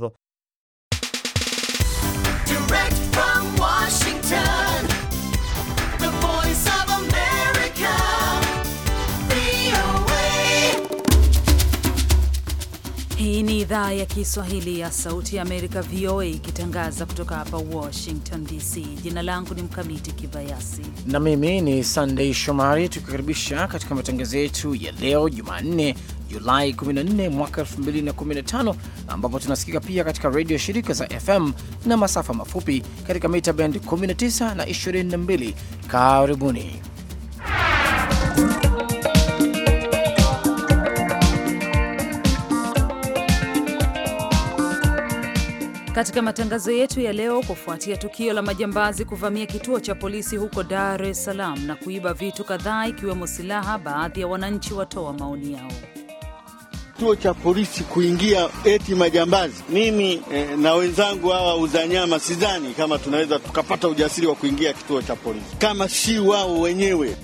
Direct Hii ni idhaa ya Kiswahili ya Sauti ya Amerika, VOA, ikitangaza kutoka hapa Washington DC. Jina langu ni Mkamiti Kibayasi na mimi ni Sandei Shomari, tukikaribisha katika matangazo yetu ya leo Jumanne Julai 14 mwaka 2015, ambapo tunasikika pia katika redio shirika za FM na masafa mafupi katika mita band 19 na 22. Karibuni. Katika matangazo yetu ya leo, kufuatia tukio la majambazi kuvamia kituo cha polisi huko Dar es Salaam na kuiba vitu kadhaa ikiwemo silaha, baadhi ya wananchi watoa maoni yao kituo cha polisi kuingia eti majambazi. Mimi eh, na wenzangu hawa uzanyama, sidhani kama tunaweza tukapata ujasiri wa kuingia kituo cha polisi kama si wao wenyewe.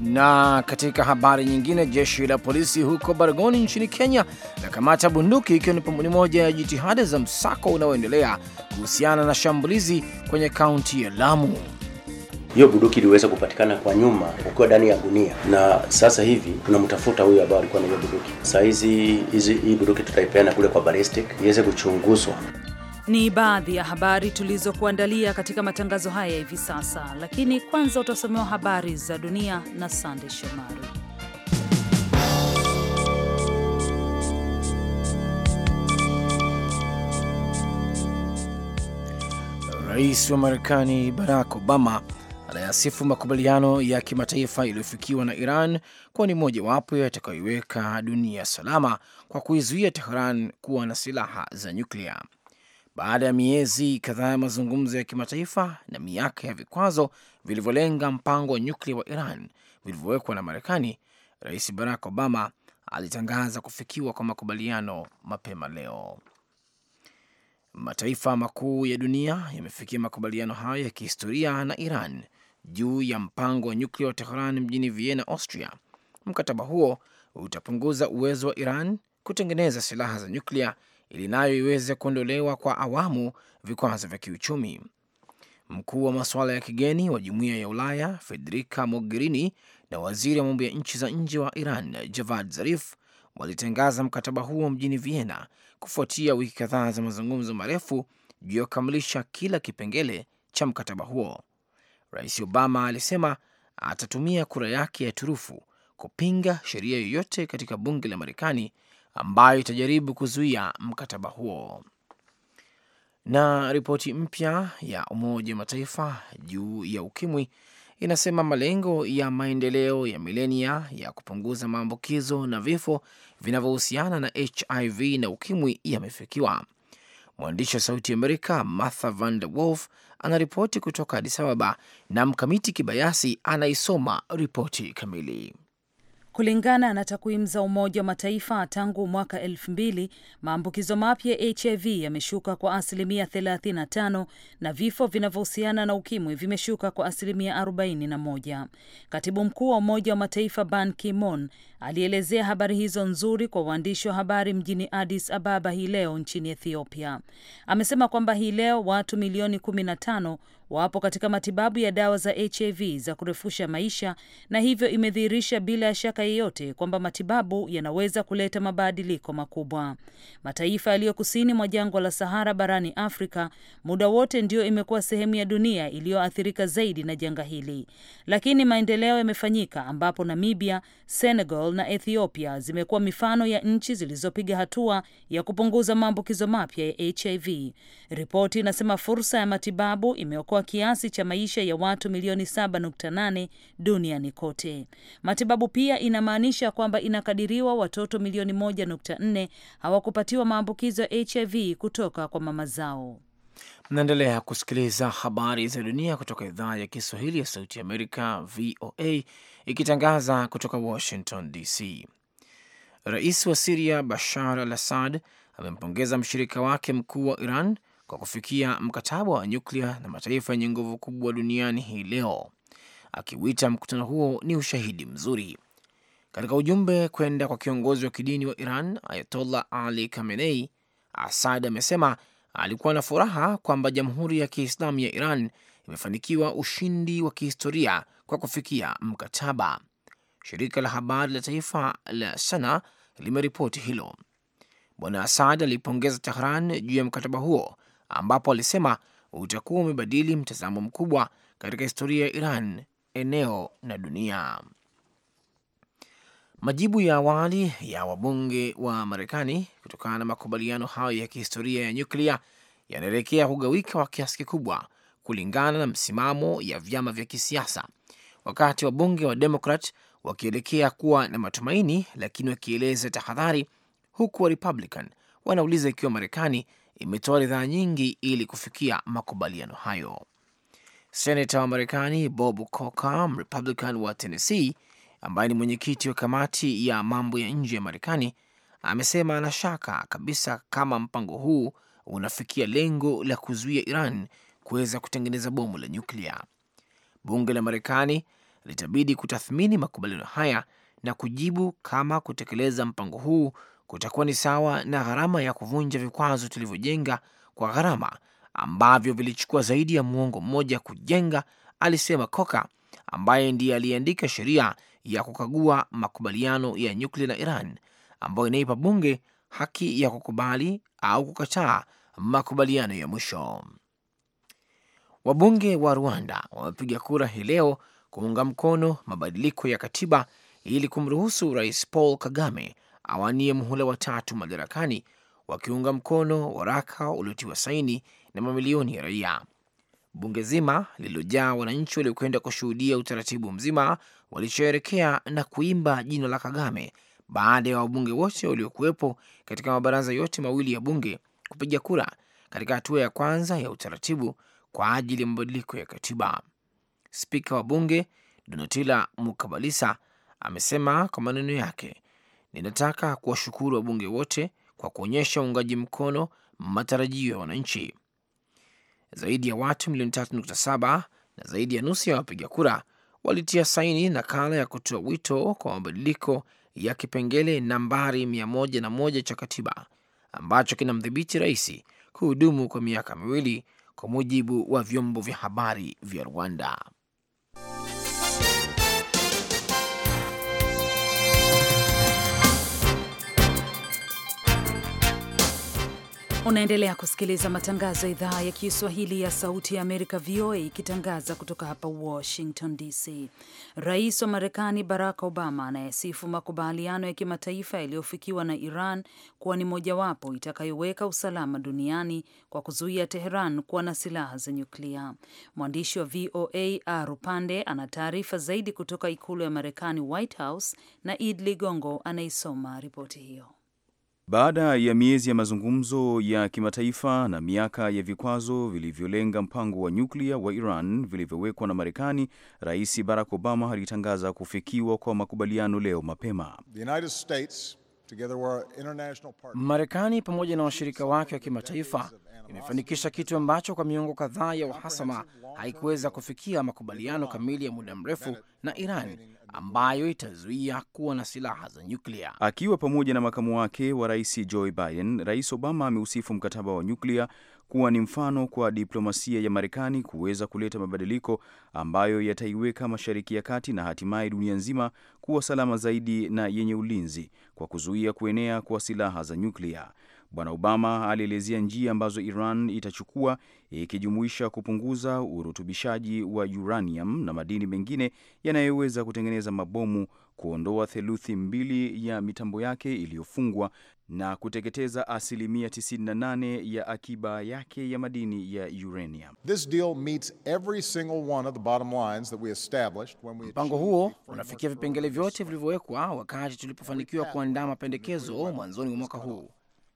Na katika habari nyingine, jeshi la polisi huko Baragoni nchini Kenya la kamata bunduki, ikiwa ni moja ya jitihada za msako unaoendelea kuhusiana na shambulizi kwenye kaunti ya Lamu hiyo bunduki iliweza kupatikana kwa nyuma ukiwa ndani ya gunia, na sasa hivi tunamtafuta huyo ambaye alikuwa na hiyo bunduki. sahizi hizi hizi hii bunduki tutaipeana kule kwa ballistic iweze kuchunguzwa. Ni baadhi ya habari tulizokuandalia katika matangazo haya hivi sasa, lakini kwanza utasomewa habari za dunia na Sande Shomari. Rais wa Marekani Barack Obama anayasifu makubaliano ya kimataifa yaliyofikiwa na Iran kuwa ni mojawapo yatakayoiweka dunia salama kwa kuizuia Tehran kuwa na silaha za nyuklia. Baada ya miezi kadhaa ya mazungumzo ya kimataifa na miaka ya vikwazo vilivyolenga mpango wa nyuklia wa Iran vilivyowekwa na Marekani, Rais Barack Obama alitangaza kufikiwa kwa makubaliano mapema leo. Mataifa makuu ya dunia yamefikia makubaliano hayo ya kihistoria na Iran juu ya mpango wa nyuklia wa Tehran mjini Vienna, Austria. Mkataba huo utapunguza uwezo wa Iran kutengeneza silaha za nyuklia ili nayo iweze kuondolewa kwa awamu vikwazo vya kiuchumi. Mkuu wa masuala ya kigeni wa jumuiya ya Ulaya Federica Mogherini na waziri wa mambo ya nchi za nje wa Iran Javad Zarif walitangaza mkataba huo mjini Vienna kufuatia wiki kadhaa za mazungumzo marefu juu ya kukamilisha kila kipengele cha mkataba huo. Rais Obama alisema atatumia kura yake ya turufu kupinga sheria yoyote katika bunge la Marekani ambayo itajaribu kuzuia mkataba huo. Na ripoti mpya ya Umoja wa Mataifa juu ya ukimwi inasema malengo ya maendeleo ya milenia ya kupunguza maambukizo na vifo vinavyohusiana na HIV na ukimwi yamefikiwa. Mwandishi wa Sauti Amerika Martha Van Der Wolf anaripoti kutoka Addis Ababa na Mkamiti Kibayasi anaisoma ripoti kamili. Kulingana na takwimu za Umoja wa Mataifa, tangu mwaka elfu mbili maambukizo mapya ya HIV yameshuka kwa asilimia 35 na vifo vinavyohusiana na ukimwi vimeshuka kwa asilimia 41. Katibu mkuu wa Umoja wa Mataifa Ban Ki-moon alielezea habari hizo nzuri kwa waandishi wa habari mjini Addis Ababa hii leo nchini Ethiopia. Amesema kwamba hii leo watu milioni 15 wapo katika matibabu ya dawa za HIV za kurefusha maisha, na hivyo imedhihirisha bila ya shaka yeyote kwamba matibabu yanaweza kuleta mabadiliko makubwa. Mataifa yaliyo kusini mwa jangwa la Sahara barani Afrika muda wote ndio imekuwa sehemu ya dunia iliyoathirika zaidi na janga hili, lakini maendeleo yamefanyika ambapo Namibia, Senegal na Ethiopia zimekuwa mifano ya nchi zilizopiga hatua ya kupunguza maambukizo mapya ya HIV. Ripoti inasema fursa ya matibabu imeokoa kiasi cha maisha ya watu milioni 7.8 duniani kote. Matibabu pia inamaanisha kwamba inakadiriwa watoto milioni 1.4 hawakupatiwa maambukizo ya HIV kutoka kwa mama zao. Mnaendelea kusikiliza habari za dunia kutoka idhaa ya Kiswahili ya Sauti ya Amerika, VOA, ikitangaza kutoka Washington DC. Rais wa Siria Bashar al Assad amempongeza mshirika wake mkuu wa Iran kwa kufikia mkataba wa nyuklia na mataifa yenye nguvu kubwa duniani hii leo, akiwita mkutano huo ni ushahidi mzuri. Katika ujumbe kwenda kwa kiongozi wa kidini wa Iran Ayatollah Ali Khamenei, Asad amesema alikuwa na furaha kwamba Jamhuri ya Kiislamu ya Iran imefanikiwa ushindi wa kihistoria kwa kufikia mkataba. Shirika la habari la taifa la Sana limeripoti hilo. Bwana Asad alipongeza Tehran juu ya mkataba huo, ambapo alisema utakuwa umebadili mtazamo mkubwa katika historia ya Iran, eneo na dunia. Majibu ya awali ya wabunge wa Marekani kutokana na makubaliano hayo ya kihistoria ya nyuklia yanaelekea kugawika kwa kiasi kikubwa kulingana na msimamo ya vyama vya kisiasa wakati wabunge wa Demokrat wakielekea kuwa na matumaini, lakini wakieleza tahadhari, huku wa Republican wanauliza ikiwa Marekani imetoa ridhaa nyingi ili kufikia makubaliano hayo. Senata wa Marekani Bob Corker, mrepublican wa Tennessee, ambaye ni mwenyekiti wa kamati ya mambo ya nje ya Marekani, amesema ana shaka kabisa kama mpango huu unafikia lengo la kuzuia Iran kuweza kutengeneza bomu la nyuklia. Bunge la Marekani litabidi kutathmini makubaliano haya na kujibu kama kutekeleza mpango huu kutakuwa ni sawa na gharama ya kuvunja vikwazo tulivyojenga kwa gharama ambavyo vilichukua zaidi ya muongo mmoja kujenga, alisema Koka ambaye ndiye aliyeandika sheria ya kukagua makubaliano ya nyuklia na Iran ambayo inaipa bunge haki ya kukubali au kukataa makubaliano ya mwisho. Wabunge wa Rwanda wamepiga kura hii leo kuunga mkono mabadiliko ya katiba ili kumruhusu Rais Paul Kagame awanie muhula watatu madarakani, wakiunga mkono waraka uliotiwa saini na mamilioni ya raia. Bunge zima lililojaa wananchi waliokwenda kushuhudia utaratibu mzima walisherekea na kuimba jina la Kagame baada ya wabunge wote waliokuwepo katika mabaraza yote mawili ya bunge kupiga kura katika hatua ya kwanza ya utaratibu kwa ajili ya mabadiliko ya katiba. Spika wa bunge Donatila Mukabalisa amesema kwa maneno yake, ninataka kuwashukuru wabunge wote kwa kuonyesha uungaji mkono matarajio ya wananchi. Zaidi ya watu milioni 3.7 na zaidi ya nusu ya wapiga kura walitia saini nakala ya kutoa wito kwa mabadiliko ya kipengele nambari 101 cha katiba ambacho kinamdhibiti rais kuhudumu kwa miaka miwili, kwa mujibu wa vyombo vya habari vya Rwanda. Unaendelea kusikiliza matangazo ya idhaa ya Kiswahili ya Sauti ya Amerika, VOA, ikitangaza kutoka hapa Washington DC. Rais wa Marekani Barack Obama anayesifu makubaliano ya kimataifa yaliyofikiwa na Iran kuwa ni mojawapo itakayoweka usalama duniani kwa kuzuia Teheran kuwa na silaha za nyuklia. Mwandishi wa VOA Arupande ana taarifa zaidi kutoka ikulu ya Marekani, White House, na Id Ligongo anaisoma ripoti hiyo. Baada ya miezi ya mazungumzo ya kimataifa na miaka ya vikwazo vilivyolenga mpango wa nyuklia wa Iran vilivyowekwa na Marekani, Rais Barack Obama alitangaza kufikiwa kwa makubaliano leo mapema. Marekani pamoja na washirika wake wa kimataifa imefanikisha kitu ambacho kwa miongo kadhaa ya uhasama haikuweza kufikia makubaliano kamili ya muda mrefu na Iran ambayo itazuia kuwa na silaha za nyuklia. Akiwa pamoja na makamu wake wa rais Joe Biden, Rais Obama ameusifu mkataba wa nyuklia kuwa ni mfano kwa diplomasia ya Marekani kuweza kuleta mabadiliko ambayo yataiweka Mashariki ya Kati na hatimaye dunia nzima kuwa salama zaidi na yenye ulinzi kwa kuzuia kuenea kwa silaha za nyuklia. Bwana Obama alielezea njia ambazo Iran itachukua ikijumuisha kupunguza urutubishaji wa uranium na madini mengine yanayoweza kutengeneza mabomu, kuondoa theluthi mbili ya mitambo yake iliyofungwa na kuteketeza asilimia 98 ya akiba yake ya madini ya uranium. Mpango huo unafikia vipengele vyote vilivyowekwa wakati tulipofanikiwa kuandaa mapendekezo mwanzoni mwa mwaka huu.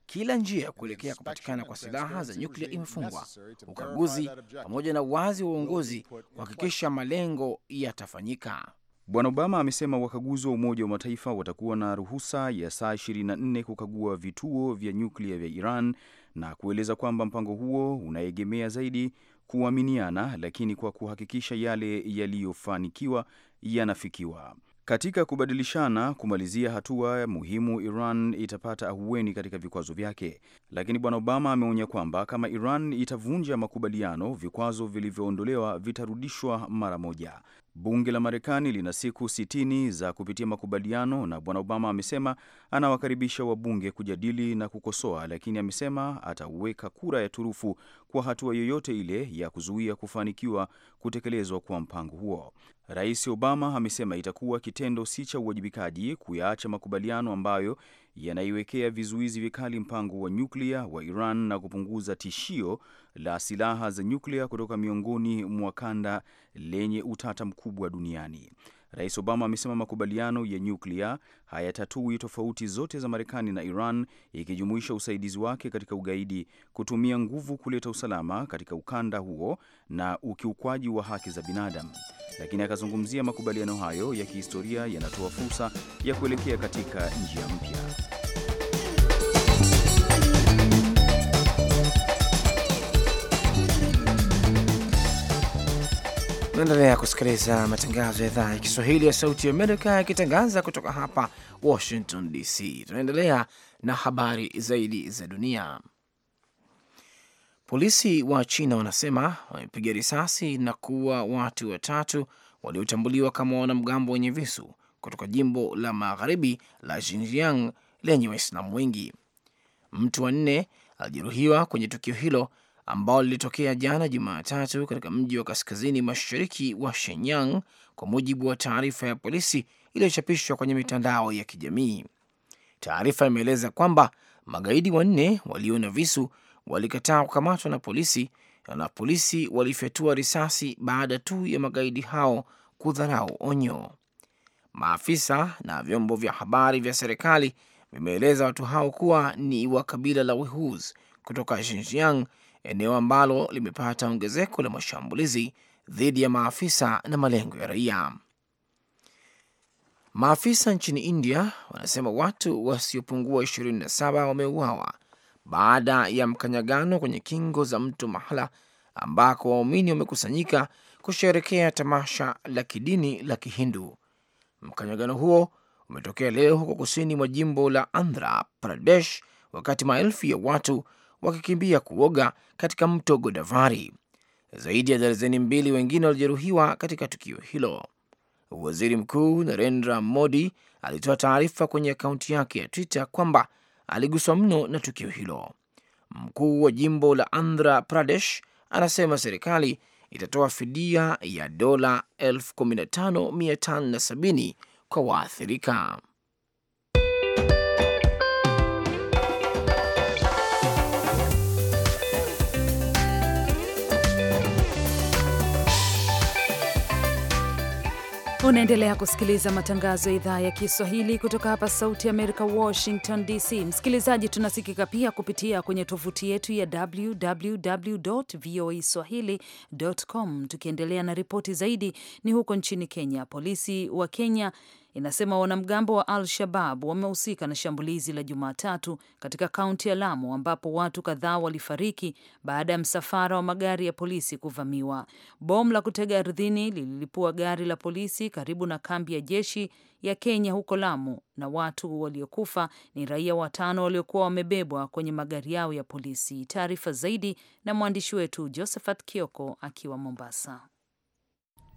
Kila njia ya kuelekea kupatikana kwa silaha za nyuklia imefungwa. Ukaguzi pamoja na uwazi wa uongozi kuhakikisha malengo yatafanyika. Bwana Obama amesema wakaguzi wa Umoja wa Mataifa watakuwa na ruhusa ya saa 24 kukagua vituo vya nyuklia vya Iran na kueleza kwamba mpango huo unaegemea zaidi kuaminiana, lakini kwa kuhakikisha yale yaliyofanikiwa yanafikiwa katika kubadilishana kumalizia hatua muhimu. Iran itapata ahueni katika vikwazo vyake, lakini bwana Obama ameonya kwamba kama Iran itavunja makubaliano, vikwazo vilivyoondolewa vitarudishwa mara moja. Bunge la Marekani lina siku 60 za kupitia makubaliano, na bwana Obama amesema anawakaribisha wabunge kujadili na kukosoa, lakini amesema ataweka kura ya turufu kwa hatua yoyote ile ya kuzuia kufanikiwa kutekelezwa kwa mpango huo. Rais Obama amesema itakuwa kitendo si cha uwajibikaji kuyaacha makubaliano ambayo yanaiwekea vizuizi vikali mpango wa nyuklia wa Iran na kupunguza tishio la silaha za nyuklia kutoka miongoni mwa kanda lenye utata mkubwa duniani. Rais Obama amesema makubaliano ya nyuklia hayatatui tofauti zote za Marekani na Iran, ikijumuisha usaidizi wake katika ugaidi, kutumia nguvu kuleta usalama katika ukanda huo na ukiukwaji wa haki za binadamu. Lakini akazungumzia makubaliano hayo ya kihistoria yanatoa fursa ya kuelekea katika njia mpya. Unaendelea kusikiliza matangazo ya idhaa ya Kiswahili ya Sauti ya Amerika yakitangaza kutoka hapa Washington DC. Tunaendelea na habari zaidi za dunia. Polisi wa China wanasema wamepiga risasi na kuua watu watatu waliotambuliwa kama wanamgambo wenye visu kutoka jimbo la magharibi la Xinjiang lenye Waislamu wengi. Mtu wa nne alijeruhiwa kwenye tukio hilo ambao lilitokea jana Jumatatu katika mji wa kaskazini mashariki wa Shenyang, kwa mujibu wa taarifa ya polisi iliyochapishwa kwenye mitandao ya kijamii. Taarifa imeeleza kwamba magaidi wanne walio na visu walikataa kukamatwa na polisi na polisi walifyatua risasi baada tu ya magaidi hao kudharau onyo. Maafisa na vyombo vya habari vya serikali vimeeleza watu hao kuwa ni wa kabila la Wehus kutoka Xinjiang eneo ambalo limepata ongezeko la mashambulizi dhidi ya maafisa na malengo ya raia. Maafisa nchini India wanasema watu wasiopungua 27 wameuawa baada ya mkanyagano kwenye kingo za mto Mahala ambako waumini wamekusanyika kusherekea tamasha la kidini la Kihindu. Mkanyagano huo umetokea leo huko kusini mwa jimbo la Andhra Pradesh, wakati maelfu ya watu wakikimbia kuoga katika mto Godavari. Zaidi ya darzeni mbili wengine walijeruhiwa katika tukio hilo. Waziri Mkuu Narendra Modi alitoa taarifa kwenye akaunti yake ya Twitter kwamba aliguswa mno na tukio hilo. Mkuu wa jimbo la Andhra Pradesh anasema serikali itatoa fidia ya dola 15570 kwa waathirika. Unaendelea kusikiliza matangazo ya idhaa ya Kiswahili kutoka hapa Sauti ya Amerika, Washington DC. Msikilizaji, tunasikika pia kupitia kwenye tovuti yetu ya www voa swahili.com. Tukiendelea na ripoti zaidi, ni huko nchini Kenya. Polisi wa Kenya inasema wanamgambo wa Al Shabab wamehusika na shambulizi la Jumatatu katika kaunti ya Lamu ambapo watu kadhaa walifariki baada ya msafara wa magari ya polisi kuvamiwa. Bomu la kutega ardhini lililipua gari la polisi karibu na kambi ya jeshi ya Kenya huko Lamu, na watu waliokufa ni raia watano waliokuwa wamebebwa kwenye magari yao ya polisi. Taarifa zaidi na mwandishi wetu Josephat Kioko akiwa Mombasa.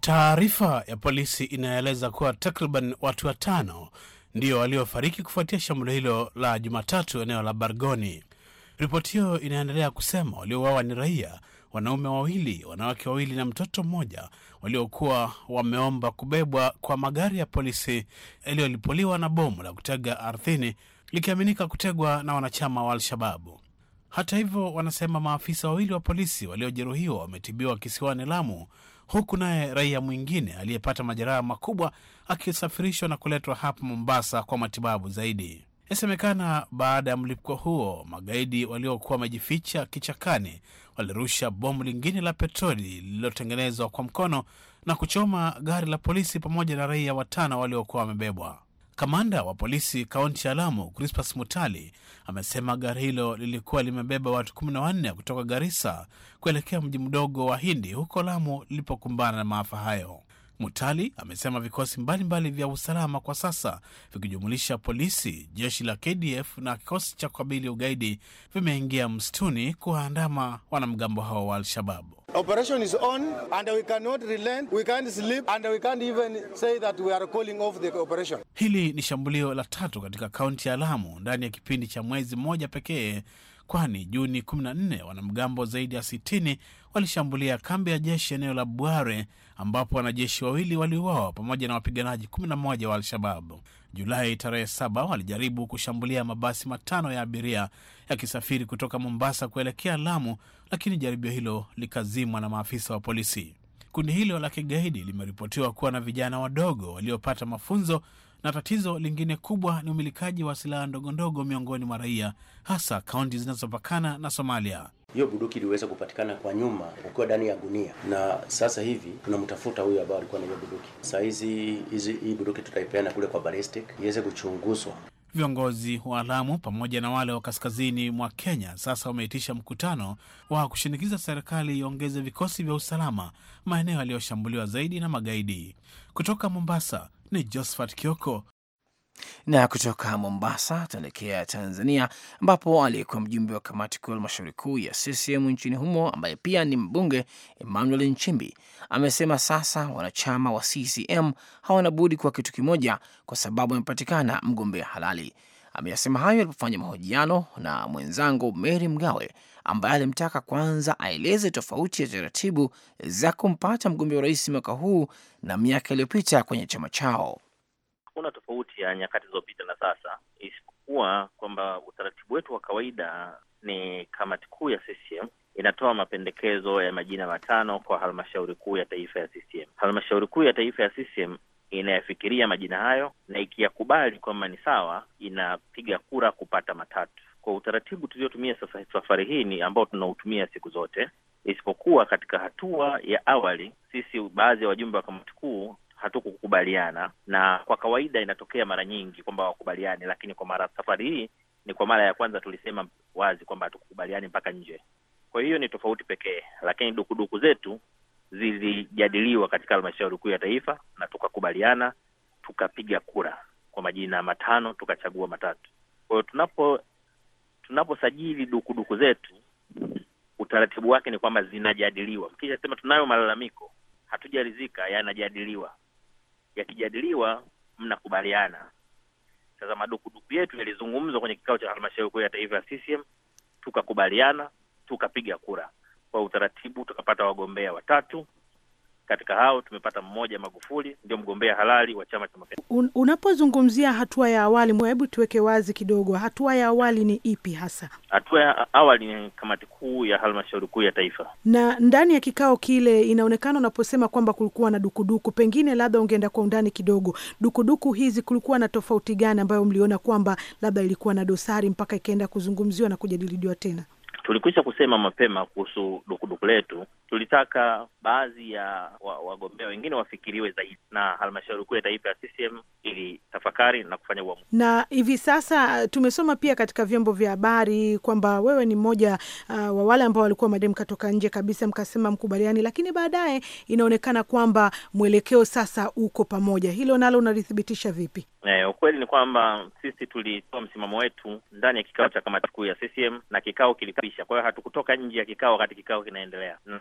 Taarifa ya polisi inaeleza kuwa takriban watu watano ndio waliofariki kufuatia shambulio hilo la Jumatatu eneo la Bargoni. Ripoti hiyo inaendelea kusema waliouawa ni raia, wanaume wawili, wanawake wawili na mtoto mmoja, waliokuwa wameomba kubebwa kwa magari ya polisi yaliyolipuliwa na bomu la kutega ardhini, likiaminika kutegwa na wanachama wa Al-Shababu. Hata hivyo, wanasema maafisa wawili wa polisi waliojeruhiwa wametibiwa kisiwani Lamu huku naye raia mwingine aliyepata majeraha makubwa akisafirishwa na kuletwa hapa Mombasa kwa matibabu zaidi. Inasemekana baada ya mlipuko huo, magaidi waliokuwa wamejificha kichakani walirusha bomu lingine la petroli lililotengenezwa kwa mkono na kuchoma gari la polisi pamoja na raia watano waliokuwa wamebebwa. Kamanda wa polisi kaunti ya Lamu, Crispas Mutali, amesema gari hilo lilikuwa limebeba watu kumi na wanne kutoka Garissa kuelekea mji mdogo wa Hindi huko Lamu lilipokumbana na maafa hayo. Mutali amesema vikosi mbalimbali vya usalama kwa sasa vikijumulisha polisi, jeshi la KDF na kikosi cha kukabili ugaidi vimeingia msituni kuwaandama wanamgambo hao wa Al-Shababu. Operation is on and we cannot relent, we can't sleep and we can't even say that we are calling off the operation. Hili ni shambulio la tatu katika kaunti ya Lamu ndani ya kipindi cha mwezi mmoja pekee kwani Juni 14 wanamgambo zaidi ya 60 walishambulia kambi ya jeshi eneo la Bware ambapo wanajeshi wawili waliuawa pamoja na wapiganaji 11 wa alshababu Julai tarehe 7 walijaribu kushambulia mabasi matano ya abiria yakisafiri kutoka Mombasa kuelekea Lamu, lakini jaribio hilo likazimwa na maafisa wa polisi. Kundi hilo la kigaidi limeripotiwa kuwa na vijana wadogo waliopata mafunzo na tatizo lingine kubwa ni umilikaji wa silaha ndogondogo miongoni mwa raia, hasa kaunti zinazopakana na Somalia. Hiyo buduki iliweza kupatikana kwa nyuma ukiwa ndani ya gunia, na sasa hivi tunamtafuta huyo ambao alikuwa na hiyo buduki Saa hizi hii buduki tutaipeana kule kwa balistic iweze kuchunguzwa. Viongozi wa alamu pamoja na wale wa kaskazini mwa Kenya sasa wameitisha mkutano wa kushinikiza serikali iongeze vikosi vya usalama maeneo yaliyoshambuliwa zaidi na magaidi. Kutoka Mombasa, ni Josphat Kioko. Na kutoka Mombasa tuelekea Tanzania, ambapo aliyekuwa mjumbe wa kamati kuu ya halmashauri kuu ya CCM nchini humo ambaye pia ni mbunge Emmanuel Nchimbi amesema sasa wanachama wa CCM hawana budi kwa kitu kimoja, kwa sababu amepatikana mgombea halali. Ameyasema hayo alipofanya mahojiano na mwenzangu Mary Mgawe ambaye alimtaka kwanza aeleze tofauti ya taratibu za kumpata mgombea urais mwaka huu na miaka iliyopita kwenye chama chao. Hakuna tofauti ya nyakati zilizopita na sasa, isipokuwa kwamba utaratibu wetu wa kawaida ni kamati kuu ya CCM inatoa mapendekezo ya majina matano kwa halmashauri kuu ya taifa ya CCM. Halmashauri kuu ya taifa ya CCM inayafikiria majina hayo na ikiyakubali kwamba ni sawa, inapiga kura kupata matatu kwa utaratibu tuliotumia sasa safari hii ni ambao tunautumia siku zote, isipokuwa katika hatua ya awali, sisi baadhi ya wajumbe wa kamati kuu hatukukubaliana, na kwa kawaida inatokea mara nyingi kwamba wakubaliani, lakini kwa mara safari hii ni kwa mara ya kwanza tulisema wazi kwamba hatukukubaliani mpaka nje. Kwa hiyo ni tofauti pekee, lakini dukuduku zetu zilijadiliwa katika halmashauri kuu ya taifa na tukakubaliana, tukapiga kura kwa majina matano, tukachagua matatu. Kwa hiyo tunapo tunaposajili dukuduku zetu, utaratibu wake ni kwamba zinajadiliwa. Mkisha sema tunayo malalamiko, hatujarizika yanajadiliwa. Yakijadiliwa mnakubaliana. Sasa madukuduku yetu yalizungumzwa kwenye kikao cha halmashauri kuu ya taifa ya CCM, tukakubaliana, tukapiga kura kwa utaratibu, tukapata wagombea watatu katika hao tumepata mmoja Magufuli, ndio mgombea halali wa chama cha mapinduzi. Un, unapozungumzia hatua ya awali, hebu tuweke wazi kidogo, hatua ya awali ni ipi hasa? Hatua ya awali ni kamati kuu ya halmashauri kuu ya taifa, na ndani ya kikao kile inaonekana, unaposema kwamba kulikuwa na dukuduku, pengine labda ungeenda kwa undani kidogo, dukuduku hizi kulikuwa na tofauti gani ambayo mliona kwamba labda ilikuwa na dosari mpaka ikaenda kuzungumziwa na kujadiliwa tena? Tulikwisha kusema mapema kuhusu dukuduku letu tulitaka baadhi ya wagombea wa wengine wafikiriwe zaidi, na halmashauri kuu ya taifa ya CCM ili tafakari na kufanya uamuzi. Na hivi sasa uh, tumesoma pia katika vyombo vya habari kwamba wewe ni mmoja uh, wa wale ambao walikuwa madai mkatoka nje kabisa, mkasema mkubaliani, lakini baadaye inaonekana kwamba mwelekeo sasa uko pamoja. Hilo nalo unalithibitisha vipi? Eh, ukweli ni kwamba sisi tulitoa msimamo wetu ndani ya kikao cha kamati kuu ya CCM na kikao kilipisha. Kwa hiyo hatukutoka nje ya kikao wakati kikao kinaendelea na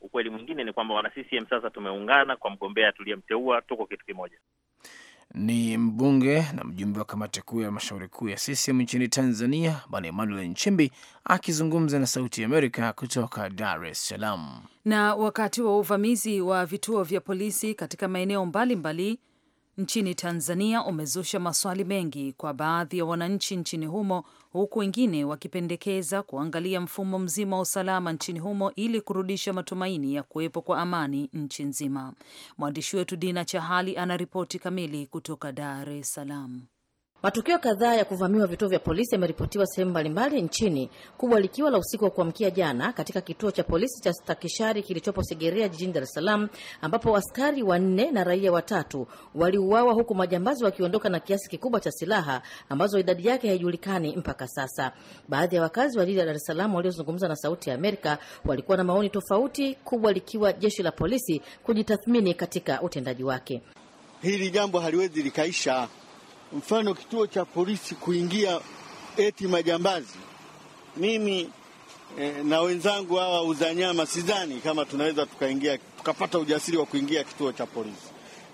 ukweli mwingine ni kwamba wana CCM sasa tumeungana kwa mgombea tuliyemteua, tuko kitu kimoja. Ni mbunge na mjumbe wa kamati kuu ya mashauri kuu ya CCM nchini Tanzania, Bwana Emmanuel Nchimbi akizungumza na Sauti ya Amerika kutoka Dar es Salaam. Na wakati wa uvamizi wa vituo vya polisi katika maeneo mbalimbali nchini Tanzania umezusha maswali mengi kwa baadhi ya wananchi nchini humo huku wengine wakipendekeza kuangalia mfumo mzima wa usalama nchini humo ili kurudisha matumaini ya kuwepo kwa amani nchi nzima. Mwandishi wetu Dina Chahali anaripoti kamili kutoka Dar es Salaam. Matukio kadhaa ya kuvamiwa vituo vya polisi yameripotiwa sehemu mbalimbali nchini, kubwa likiwa la usiku wa kuamkia jana katika kituo cha polisi cha Stakishari kilichopo Segerea jijini Dar es Salaam, ambapo askari wanne na raia watatu waliuawa huku majambazi wakiondoka na kiasi kikubwa cha silaha ambazo idadi yake haijulikani mpaka sasa. Baadhi ya wakazi wa jiji la Dar es Salaam waliozungumza na Sauti ya Amerika walikuwa na maoni tofauti, kubwa likiwa jeshi la polisi kujitathmini katika utendaji wake. Hili jambo haliwezi likaisha Mfano, kituo cha polisi kuingia eti majambazi, mimi e, na wenzangu hawa uzanyama, sidhani kama tunaweza tukaingia tukapata ujasiri wa kuingia kituo cha polisi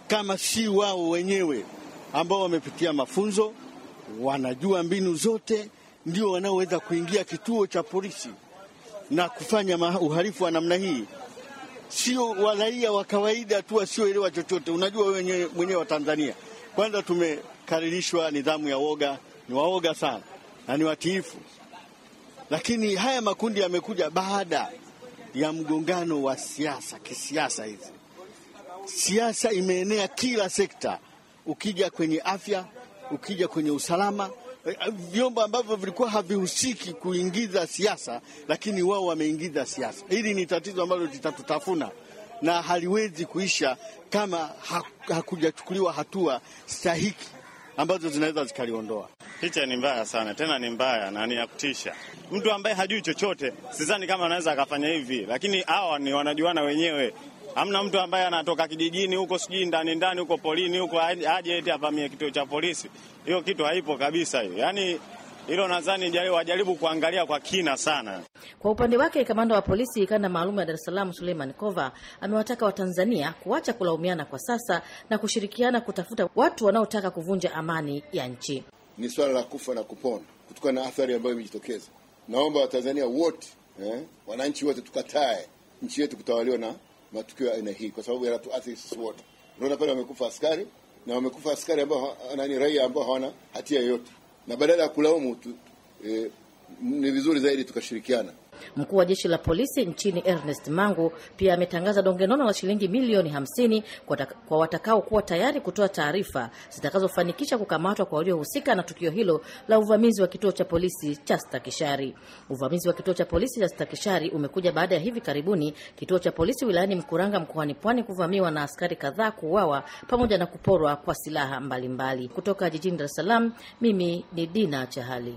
kama si wao wenyewe ambao wamepitia mafunzo, wanajua mbinu zote, ndio wanaoweza kuingia kituo cha polisi na kufanya uhalifu wa namna hii. Sio waraia wa kawaida tu wasioelewa chochote. Unajua wewe mwenyewe wa Tanzania, kwanza tume kukaririshwa nidhamu ya woga, ni waoga sana na ni watiifu, lakini haya makundi yamekuja baada ya mgongano wa siasa kisiasa. Hizi siasa imeenea kila sekta, ukija kwenye afya, ukija kwenye usalama, eh, vyombo ambavyo vilikuwa havihusiki kuingiza siasa, lakini wao wameingiza siasa. Hili ni tatizo ambalo litatutafuna na haliwezi kuisha kama hakujachukuliwa hatua stahiki ambazo zinaweza zikaliondoa. Picha ni mbaya sana, tena ni mbaya na ni ya kutisha. Mtu ambaye hajui chochote, sidhani kama anaweza akafanya hivi, lakini hawa ni wanajuana wenyewe. Hamna mtu ambaye anatoka kijijini huko sijui ndani ndani huko polini huko aje eti avamie kituo cha polisi. Hiyo kitu haipo kabisa hiyo, yaani hilo nadhani wajaribu kuangalia kwa kina sana. Kwa upande wake, kamanda wa polisi kanda maalum ya Dar es Salaam Suleiman Kova amewataka Watanzania kuacha kulaumiana kwa sasa na kushirikiana kutafuta watu wanaotaka kuvunja amani ya nchi. Ni swala la kufa na kupona kutokana na athari ambayo imejitokeza. Naomba Watanzania wote eh, wananchi wote tukatae nchi yetu kutawaliwa na matukio ya aina hii, kwa sababu yanatuathiri sisi wote. Unaona pale wamekufa askari na wamekufa askari ambao nani, raia ambao hawana hatia yoyote na badala ya kulaumu tu, e, ni vizuri zaidi tukashirikiana. Mkuu wa jeshi la polisi nchini Ernest Mangu pia ametangaza dongenono la shilingi milioni hamsini kwa watakaokuwa tayari kutoa taarifa zitakazofanikisha kukamatwa kwa waliohusika na tukio hilo la uvamizi wa kituo cha polisi cha Stakishari. Uvamizi wa kituo cha polisi cha Stakishari umekuja baada ya hivi karibuni kituo cha polisi wilayani Mkuranga mkoani Pwani kuvamiwa na askari kadhaa kuuawa pamoja na kuporwa kwa silaha mbalimbali mbali. Kutoka jijini Dar es Salaam, mimi ni Dina Chahali.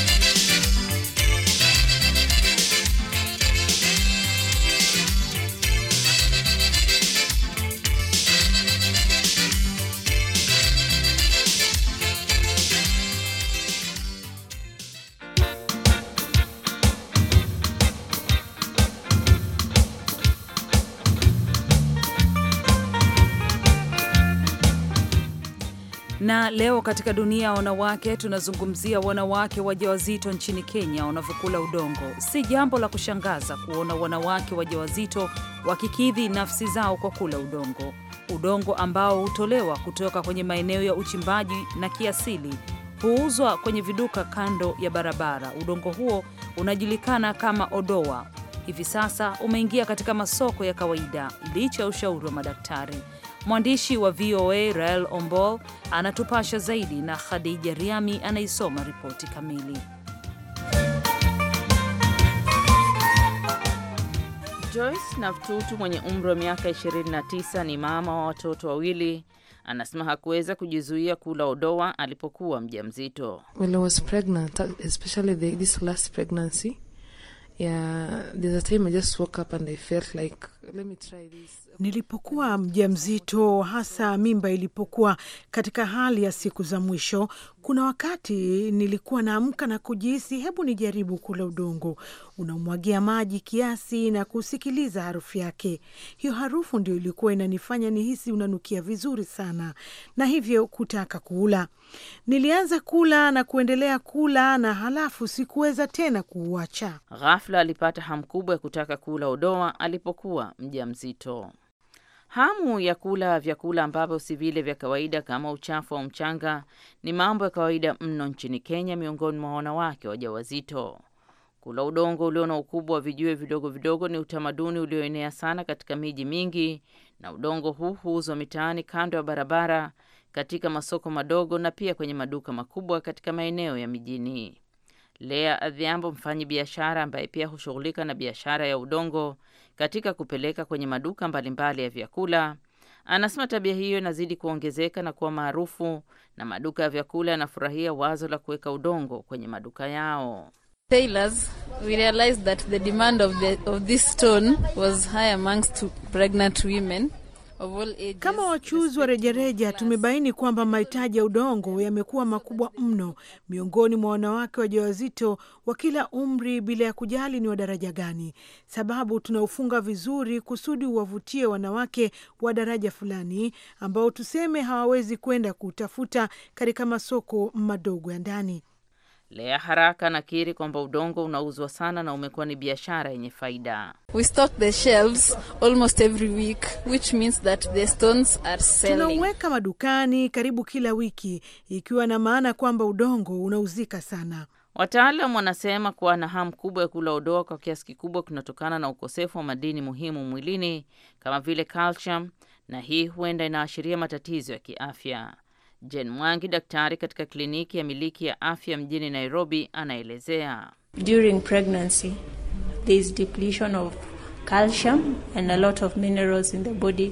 Na leo katika dunia ya wanawake tunazungumzia wanawake wajawazito nchini Kenya wanavyokula udongo. Si jambo la kushangaza kuona wanawake wajawazito wakikidhi nafsi zao kwa kula udongo, udongo ambao hutolewa kutoka kwenye maeneo ya uchimbaji na kiasili huuzwa kwenye viduka kando ya barabara. Udongo huo unajulikana kama odoa, hivi sasa umeingia katika masoko ya kawaida licha ya ushauri wa madaktari. Mwandishi wa VOA Rael Ombol anatupasha zaidi na Khadija Riami anaisoma ripoti kamili. Joyce Naftutu mwenye umri wa miaka 29 ni mama wa watoto wawili. Anasema hakuweza kujizuia kula odoa alipokuwa mja mzito yeah, like, Nilipokuwa mjamzito, hasa mimba ilipokuwa katika hali ya siku za mwisho, kuna wakati nilikuwa naamka na kujihisi, hebu nijaribu kula udongo. Unamwagia maji kiasi na kusikiliza harufu yake. Hiyo harufu ndio ilikuwa inanifanya nihisi unanukia vizuri sana, na hivyo kutaka kuula. Nilianza kula na kuendelea kula, na halafu sikuweza tena kuuacha. Ghafla alipata hamu kubwa ya kutaka kula udoa alipokuwa mjamzito. Hamu ya kula vyakula ambavyo si vile vya kawaida kama uchafu au mchanga ni mambo ya kawaida mno nchini Kenya miongoni mwa wanawake wajawazito. Kula udongo ulio na ukubwa wa vijue vidogo vidogo ni utamaduni ulioenea sana katika miji mingi, na udongo huu huuzwa mitaani, kando ya barabara, katika masoko madogo na pia kwenye maduka makubwa katika maeneo ya mijini. Lea Adhiambo, mfanyi biashara ambaye pia hushughulika na biashara ya udongo, katika kupeleka kwenye maduka mbalimbali ya vyakula. Anasema tabia hiyo inazidi kuongezeka na kuwa maarufu na maduka ya vyakula yanafurahia wazo la kuweka udongo kwenye maduka yao. Tailors, we realized that the demand of, the, of this stone was high amongst pregnant women kama wachuuzi wa rejareja tumebaini kwamba mahitaji ya udongo yamekuwa makubwa mno miongoni mwa wanawake wajawazito wa kila umri bila ya kujali ni wa daraja gani, sababu tunaufunga vizuri kusudi uwavutie wanawake wa daraja fulani ambao tuseme hawawezi kwenda kutafuta katika masoko madogo ya ndani. Lea Haraka anakiri kwamba udongo unauzwa sana na umekuwa ni biashara yenye faida. Tunauweka madukani karibu kila wiki, ikiwa na maana kwamba udongo unauzika sana. Wataalam wanasema kuwa na hamu kubwa ya kula udongo kwa kiasi kikubwa kunatokana na ukosefu wa madini muhimu mwilini kama vile calcium, na hii huenda inaashiria matatizo ya kiafya. Jen Mwangi, daktari katika kliniki ya miliki ya afya mjini Nairobi, anaelezea. During pregnancy, there is depletion of calcium and a lot of minerals in the body.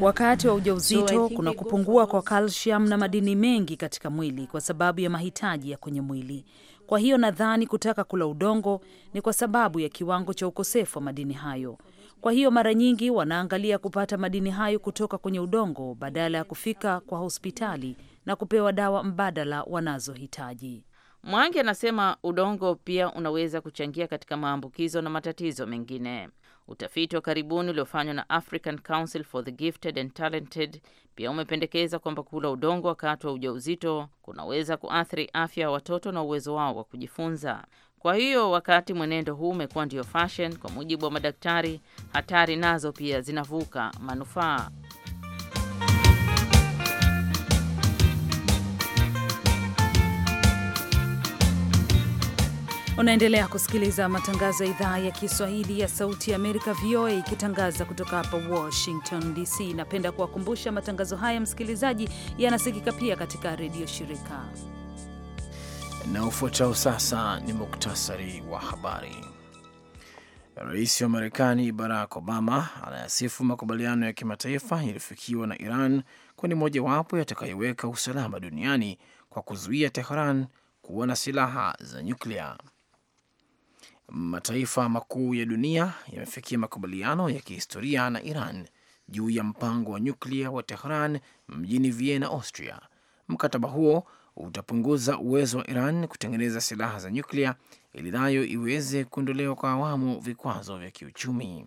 Wakati wa ujauzito so kuna kupungua kwa calcium na madini mengi katika mwili kwa sababu ya mahitaji ya kwenye mwili. Kwa hiyo nadhani kutaka kula udongo ni kwa sababu ya kiwango cha ukosefu wa madini hayo. Kwa hiyo mara nyingi wanaangalia kupata madini hayo kutoka kwenye udongo badala ya kufika kwa hospitali na kupewa dawa mbadala wanazohitaji. Mwangi anasema udongo pia unaweza kuchangia katika maambukizo na matatizo mengine. Utafiti wa karibuni uliofanywa na African Council for the Gifted and Talented pia umependekeza kwamba kula udongo wakati wa ujauzito kunaweza kuathiri afya ya watoto na uwezo wao wa kujifunza. Kwa hiyo wakati mwenendo huu umekuwa ndio fashion, kwa mujibu wa madaktari, hatari nazo pia zinavuka manufaa. Unaendelea kusikiliza matangazo ya idhaa ya Kiswahili ya Sauti ya Amerika, VOA, ikitangaza kutoka hapa Washington DC. Napenda kuwakumbusha matangazo haya, msikilizaji, yanasikika pia katika redio shirika na ufuatao sasa ni muktasari wa habari. Rais wa Marekani Barack Obama anayasifu makubaliano ya kimataifa yaliyofikiwa na Iran kuwa ni mojawapo yatakayoweka usalama duniani kwa kuzuia Teheran kuwa na silaha za nyuklia. Mataifa makuu ya dunia yamefikia makubaliano ya kihistoria na Iran juu ya mpango wa nyuklia wa Tehran mjini Vienna, Austria. Mkataba huo utapunguza uwezo wa Iran kutengeneza silaha za nyuklia ili nayo iweze kuondolewa kwa awamu vikwazo vya kiuchumi.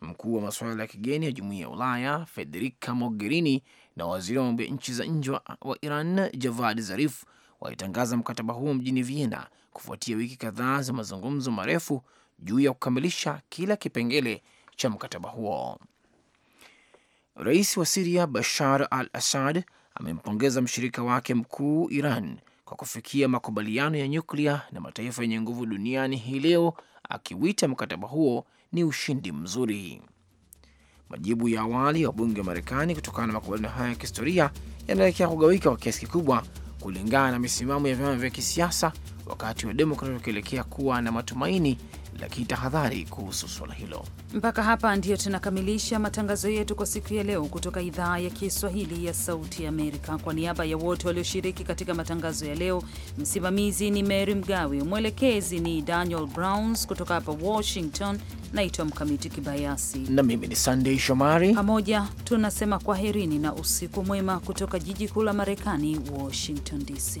Mkuu wa masuala ya kigeni ya Jumuiya ya Ulaya Federica Mogherini na waziri wa mambo ya nchi za nje wa Iran Javad Zarif walitangaza mkataba huo mjini Vienna kufuatia wiki kadhaa za mazungumzo marefu juu ya kukamilisha kila kipengele cha mkataba huo. Rais wa Siria Bashar al Assad amempongeza mshirika wake mkuu Iran kwa kufikia makubaliano ya nyuklia na mataifa yenye nguvu duniani hii leo, akiwita mkataba huo ni ushindi mzuri. Majibu ya awali ya wabunge wa Marekani kutokana na makubaliano haya ya kihistoria yanaelekea kugawika kwa kiasi kikubwa kulingana na misimamo ya vyama vya kisiasa, wakati wa Demokrat wakielekea kuwa na matumaini lakini tahadhari kuhusu suala hilo. Mpaka hapa ndiyo tunakamilisha matangazo yetu kwa siku ya leo kutoka idhaa ya Kiswahili ya Sauti ya Amerika. Kwa niaba ya wote walioshiriki katika matangazo ya leo, msimamizi ni Mary Mgawe, mwelekezi ni Daniel Browns. Kutoka hapa Washington, naitwa Mkamiti Kibayasi na mimi ni Sandey Shomari. Pamoja tunasema kwaherini na usiku mwema kutoka jiji kuu la Marekani, Washington DC.